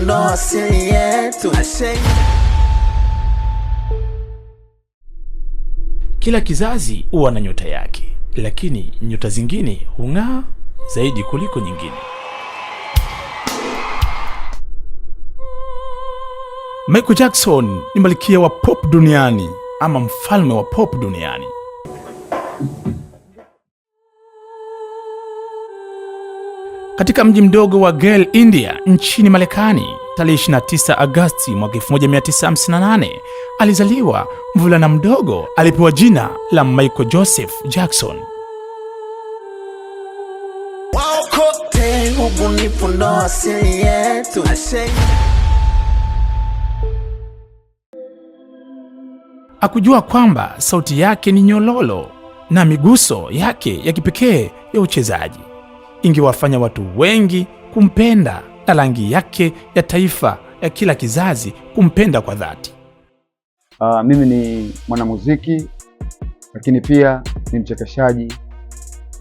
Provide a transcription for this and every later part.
kuondoa siri yetu. Kila kizazi huwa na nyota yake, lakini nyota zingine hung'aa zaidi kuliko nyingine. Michael Jackson ni malikia wa pop duniani ama mfalme wa pop duniani. katika mji mdogo wa Gale, India nchini Marekani. Tarehe 29 Agosti mwaka 1958 alizaliwa mvulana mdogo, alipewa jina la Michael Joseph Jackson. akujua kwamba sauti yake ni nyololo na miguso yake ya kipekee ya uchezaji ingewafanya watu wengi kumpenda na rangi yake ya taifa ya kila kizazi kumpenda kwa dhati. Uh, mimi ni mwanamuziki lakini pia ni mchekeshaji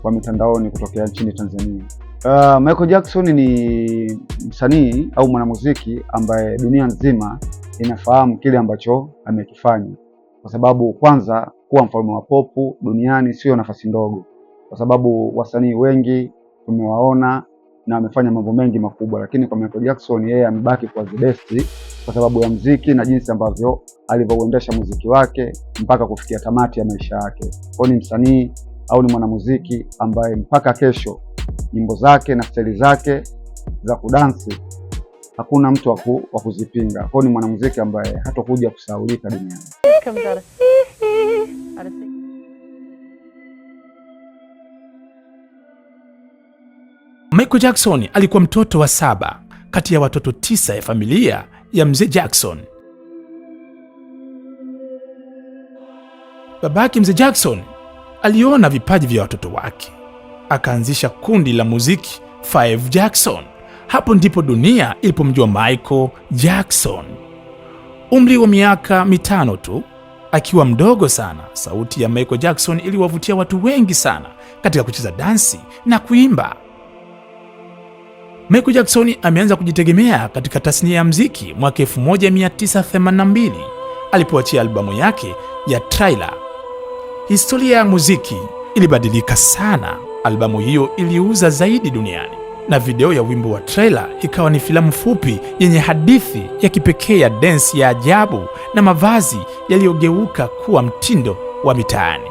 wa mitandaoni kutokea nchini Tanzania. Uh, Michael Jackson ni msanii au mwanamuziki ambaye dunia nzima inafahamu kile ambacho amekifanya, kwa sababu kwanza, kuwa mfalme wa popu duniani sio nafasi ndogo, kwa sababu wasanii wengi tumewaona na amefanya mambo mengi makubwa, lakini kwa Michael Jackson yeye amebaki kwa the best kwa sababu ya mziki na jinsi ambavyo alivyouendesha muziki wake mpaka kufikia tamati ya maisha yake. Kwa ni msanii au ni mwanamuziki ambaye mpaka kesho nyimbo zake na steli zake za kudansi hakuna mtu wa kuzipinga. Kwa ni mwanamuziki ambaye hatokuja kusahaulika duniani. Michael Jackson alikuwa mtoto wa saba kati ya watoto tisa ya familia ya mzee Jackson. Babake mzee Jackson aliona vipaji vya watoto wake, akaanzisha kundi la muziki Five Jackson. Hapo ndipo dunia ilipomjua Michael Jackson. Umri wa miaka mitano tu akiwa mdogo sana, sauti ya Michael Jackson iliwavutia watu wengi sana katika kucheza dansi na kuimba. Michael Jackson ameanza kujitegemea katika tasnia ya mziki mwaka 1982 alipoachia albamu yake ya Thriller. Historia ya muziki ilibadilika sana. Albamu hiyo iliuza zaidi duniani na video ya wimbo wa Thriller ikawa ni filamu fupi yenye hadithi ya kipekee ya dance ya ajabu na mavazi yaliyogeuka kuwa mtindo wa mitaani.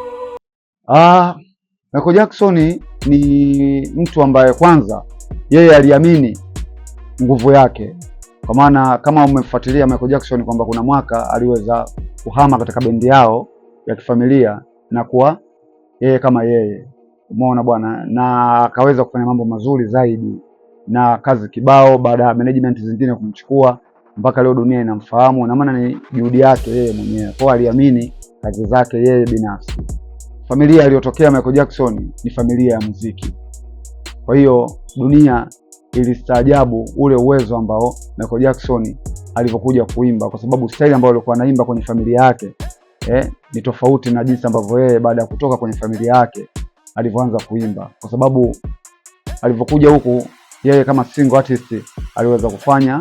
Ah, Michael Jackson ni mtu ambaye kwanza yeye aliamini nguvu yake, kwa maana kama umefuatilia Michael Jackson kwamba kuna mwaka aliweza kuhama katika bendi yao ya kifamilia na kuwa yeye kama yeye, umeona bwana, na akaweza kufanya mambo mazuri zaidi na kazi kibao, baada ya management zingine kumchukua mpaka leo dunia inamfahamu, na maana ni juhudi yake yeye mwenyewe. Kwa aliamini kazi zake yeye binafsi. Familia aliyotokea Michael Jackson ni familia ya muziki. Kwa hiyo dunia ilistaajabu ule uwezo ambao Michael Jackson alivyokuja kuimba, kwa sababu staili ambayo alikuwa anaimba kwenye familia yake eh, ni tofauti na jinsi ambavyo yeye baada ya kutoka kwenye familia yake alivyoanza kuimba, kwa sababu alivyokuja huku yeye kama single artist aliweza kufanya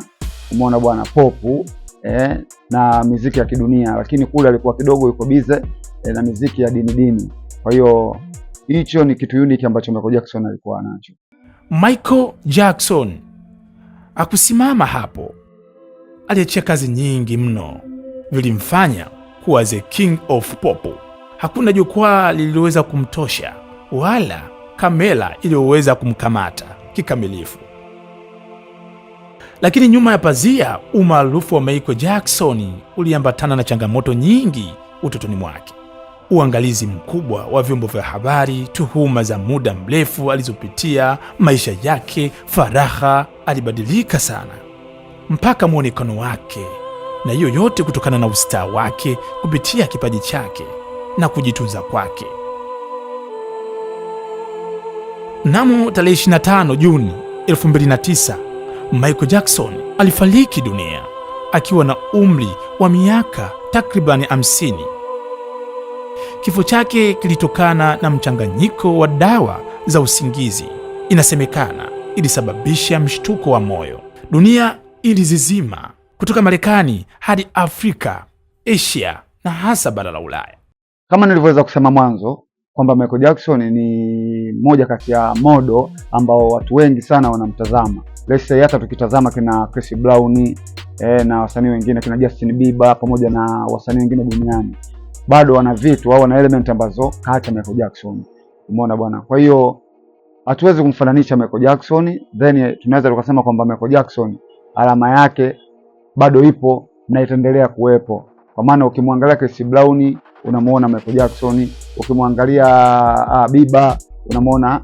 umeona bwana popu eh, na miziki ya kidunia, lakini kule alikuwa kidogo yuko bize eh, na miziki ya dini dini. Kwa hiyo hicho ni kitu unique ambacho Michael Jackson alikuwa nacho. Michael Jackson akusimama hapo, aliachia kazi nyingi mno, vilimfanya kuwa the king of pop. Hakuna jukwaa lililoweza kumtosha wala kamera iliyoweza kumkamata kikamilifu. Lakini nyuma ya pazia, umaarufu wa Michael Jackson uliambatana na changamoto nyingi utotoni mwake uangalizi mkubwa wa vyombo vya habari, tuhuma za muda mrefu alizopitia, maisha yake, faraha. Alibadilika sana mpaka mwonekano wake, na hiyo yote kutokana na ustaa wake, kupitia kipaji chake na kujitunza kwake. Mnamo tarehe 25 Juni 2009 Michael Jackson alifariki dunia akiwa na umri wa miaka takribani 50. Kifo chake kilitokana na mchanganyiko wa dawa za usingizi. Inasemekana ilisababisha mshtuko wa moyo. Dunia ilizizima kutoka Marekani hadi Afrika, Asia na hasa bara la Ulaya. Kama nilivyoweza kusema mwanzo kwamba Michael Jackson ni moja kati ya modo ambao watu wengi sana wanamtazama. Let's say hata tukitazama kina Chris Brown eh, na wasanii wengine kina Justin Bieber pamoja na wasanii wengine duniani bado wana vitu au wana element ambazo kaacha Michael Jackson. Umeona bwana, kwa hiyo hatuwezi kumfananisha Michael Jackson, then tunaweza tukasema kwamba Michael Jackson alama yake bado ipo na itaendelea kuwepo, kwa maana ukimwangalia Chris Brown unamuona Michael Jackson, ukimwangalia ah, Biba unamuona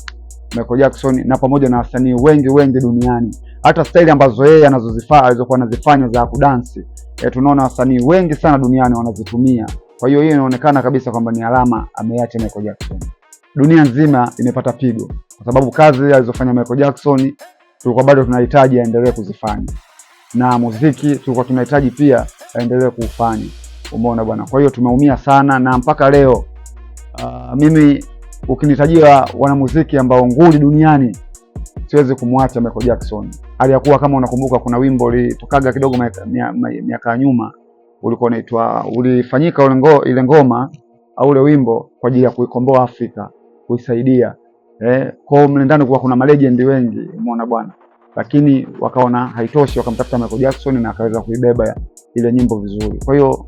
Michael Jackson, na pamoja na wasanii wengi wengi duniani, hata staili ambazo yeye anazozifaa alizokuwa anazifanya za kudansi e, eh, tunaona wasanii wengi sana duniani wanazitumia. Kwa hiyo hiyo inaonekana kabisa kwamba ni alama ameacha Michael Jackson. Dunia nzima imepata pigo, kwa sababu kazi alizofanya Michael Jackson tulikuwa bado tunahitaji aendelee kuzifanya, na muziki tulikuwa tunahitaji pia aendelee kuufanya. Umeona bwana, kwa hiyo tumeumia sana na mpaka leo uh, mimi ukinitajia wanamuziki ambao nguli duniani siwezi kumwacha Michael Jackson. Aliyakuwa kama unakumbuka, kuna wimbo litokaga kidogo miaka ya nyuma ulikuwa unaitwa ulifanyika ile ngoma au ule wimbo kwa ajili ya kuikomboa Afrika, kuisaidia eh, kwa mle ndani kwa kuna malegendi wengi, umeona bwana, lakini wakaona haitoshi, wakamtafuta Michael Jackson na akaweza kuibeba ile nyimbo vizuri. Kwa hiyo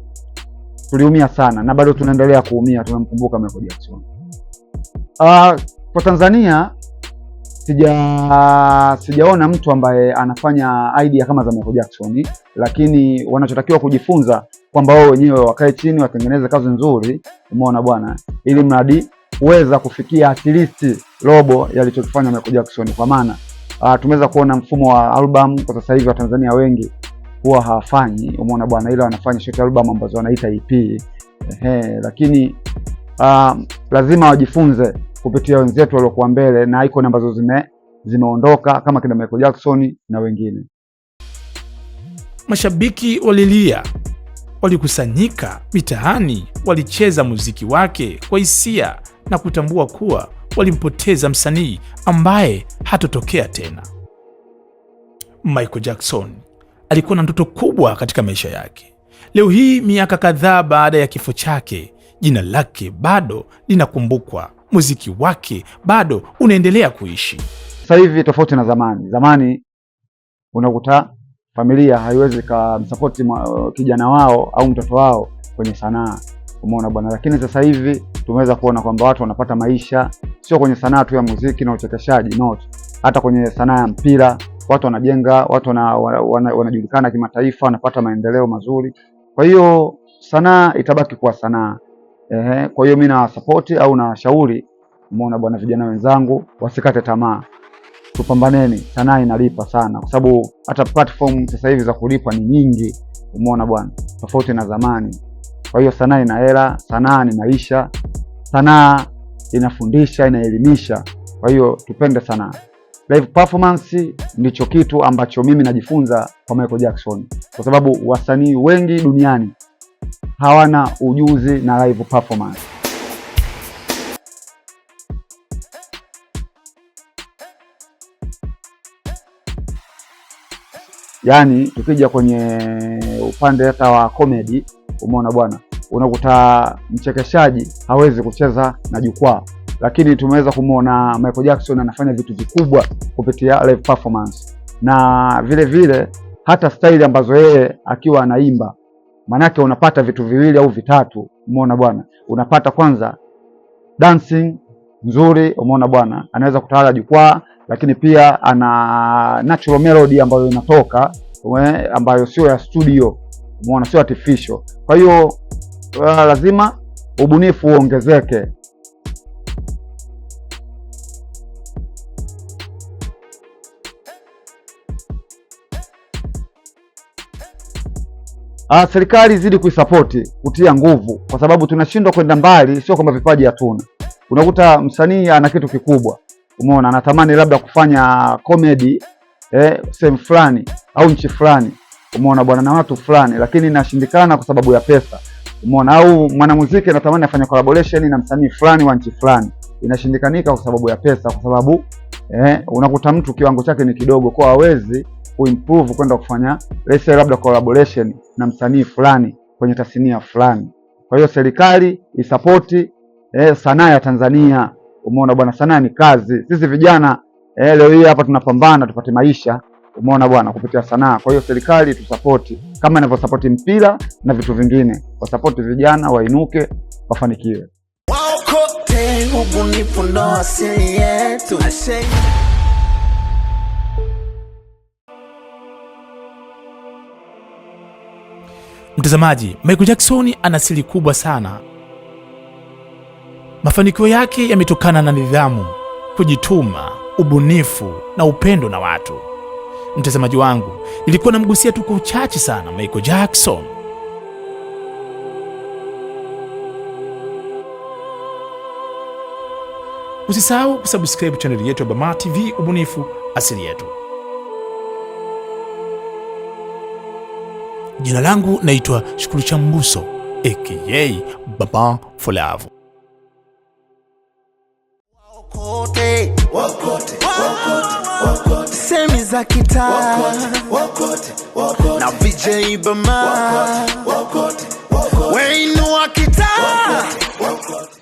tuliumia sana na bado tunaendelea kuumia, tunamkumbuka Michael Jackson. Ah, kwa Tanzania sija sijaona mtu ambaye anafanya idea kama za Michael Jackson, lakini wanachotakiwa kujifunza kwamba wao wenyewe wakae chini watengeneze kazi nzuri, umeona bwana, ili mradi uweza kufikia at least robo yalichokifanya Michael Jackson, kwa maana uh, tumeweza kuona mfumo wa album kwa sasa hivi. Watanzania wengi huwa hawafanyi, umeona bwana, ila wanafanya short album ambazo wanaita EP. Ehe, lakini uh, lazima wajifunze kupitia wenzetu waliokuwa mbele na icon ambazo zime zimeondoka kama kina Michael Jackson na wengine. Mashabiki walilia, walikusanyika mitaani, walicheza muziki wake kwa hisia na kutambua kuwa walimpoteza msanii ambaye hatotokea tena. Michael Jackson alikuwa na ndoto kubwa katika maisha yake. Leo hii miaka kadhaa baada ya kifo chake, jina lake bado linakumbukwa muziki wake bado unaendelea kuishi. Sasa hivi tofauti na zamani. Zamani unakuta familia haiwezi kumsapoti uh, kijana wao au mtoto wao kwenye sanaa, umeona bwana. Lakini sasa hivi tumeweza kuona kwamba watu wanapata maisha, sio kwenye sanaa tu ya muziki na uchekeshaji not, hata kwenye sanaa ya mpira watu wanajenga, watu wanajulikana kimataifa, wanapata maendeleo mazuri. Kwa hiyo sanaa itabaki kuwa sanaa. Ehe, kwa hiyo mimi nawasapoti au na shauri umeona bwana, vijana wenzangu wasikate tamaa, tupambaneni. Sanaa inalipa sana, kwa sababu hata platform sasa hivi za kulipa ni nyingi, umeona bwana, tofauti na zamani. Kwa hiyo sanaa ina hela, sanaa ni maisha, sanaa inafundisha, inaelimisha. Kwa hiyo tupende sanaa. Live performance ndicho kitu ambacho mimi najifunza kwa Michael Jackson, kwa sababu wasanii wengi duniani hawana ujuzi na live performance. Yaani tukija kwenye upande hata wa comedy, umeona bwana, unakuta mchekeshaji hawezi kucheza na jukwaa, lakini tumeweza kumwona Michael Jackson anafanya vitu vikubwa kupitia live performance, na vile vile hata staili ambazo yeye akiwa anaimba Maanake unapata vitu viwili au vitatu, umeona bwana. Unapata kwanza dancing nzuri, umeona bwana, anaweza kutawala jukwaa, lakini pia ana natural melody ambayo inatoka ume, ambayo sio ya studio, umeona, sio artificial. Kwa hiyo eh, lazima ubunifu uongezeke. Uh, serikali izidi kuisapoti kutia nguvu, kwa sababu tunashindwa kwenda mbali. Sio kwamba vipaji hatuna, unakuta msanii ana kitu kikubwa, umeona, anatamani labda kufanya comedy eh, sehemu fulani au nchi fulani, umeona bwana, na watu fulani, lakini inashindikana kwa sababu ya pesa, umeona. Au mwanamuziki anatamani afanye collaboration na msanii fulani wa nchi fulani, inashindikanika kwa sababu ya pesa, kwa sababu eh, unakuta mtu kiwango chake ni kidogo, kwa hawezi kuimprove kwenda kufanya let's say labda collaboration na msanii fulani kwenye tasnia fulani. Kwa hiyo serikali isapoti eh, sanaa ya Tanzania. Umeona bwana, sanaa ni kazi. Sisi vijana eh, leo hii hapa tunapambana tupate maisha, umeona bwana, kupitia sanaa. Kwa hiyo serikali tusapoti kama inavyosapoti mpira na vitu vingine, wasapoti vijana wainuke, wafanikiwe. Wow, Mtazamaji, Michael Jackson ana siri kubwa sana. Mafanikio yake yametokana na nidhamu, kujituma, ubunifu na upendo na watu. Mtazamaji wangu, nilikuwa namgusia tu kwa uchache sana Michael Jackson. Usisahau kusubscribe chaneli yetu ya Bamaa TV, ubunifu asili yetu. Jina langu naitwa Shukuru cha Mbuso aka Baba Folavu. Wakote, wakote, wakote, wakote. Semi za kita. Wakote, wakote, wakote. na VJ Bama wakote, wakote, wakote. Wainua wakote.